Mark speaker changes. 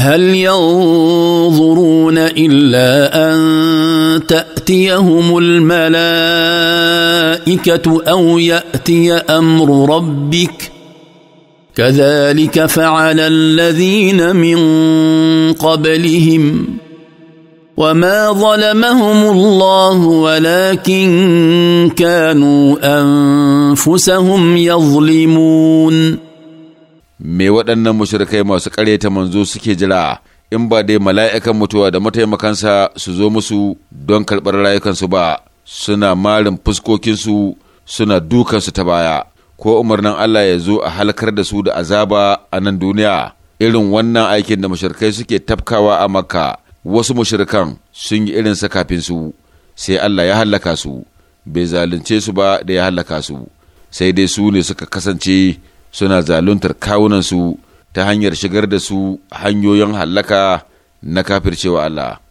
Speaker 1: هل ينظرون الا ان تاتيهم الملائكه او ياتي امر ربك كذلك فعل الذين من قبلهم وما ظلمهم الله ولكن كانوا انفسهم يظلمون
Speaker 2: me waɗannan mushrikai masu ƙareta manzo suke jira in ba dai mala'ikan mutuwa da mataimakansa su zo musu don karɓar rayukansu ba suna marin fuskokinsu suna dukansu ta baya ko umarnin Allah ya zo a halkar da su da azaba a nan duniya irin wannan aikin da mushrikai suke tafkawa a makka wasu mushrikan sun yi irinsa kafin su sai Allah ya hallaka su bai zalunce su ba da ya hallaka su sai dai su ne suka kasance suna zaluntar kawunansu ta hanyar shigar da su hanyoyin hallaka na kafircewa Allah.